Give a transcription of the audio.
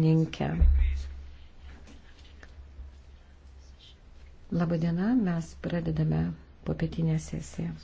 pirmininkė. Labadiena, mes pradedame popietinę sesiją.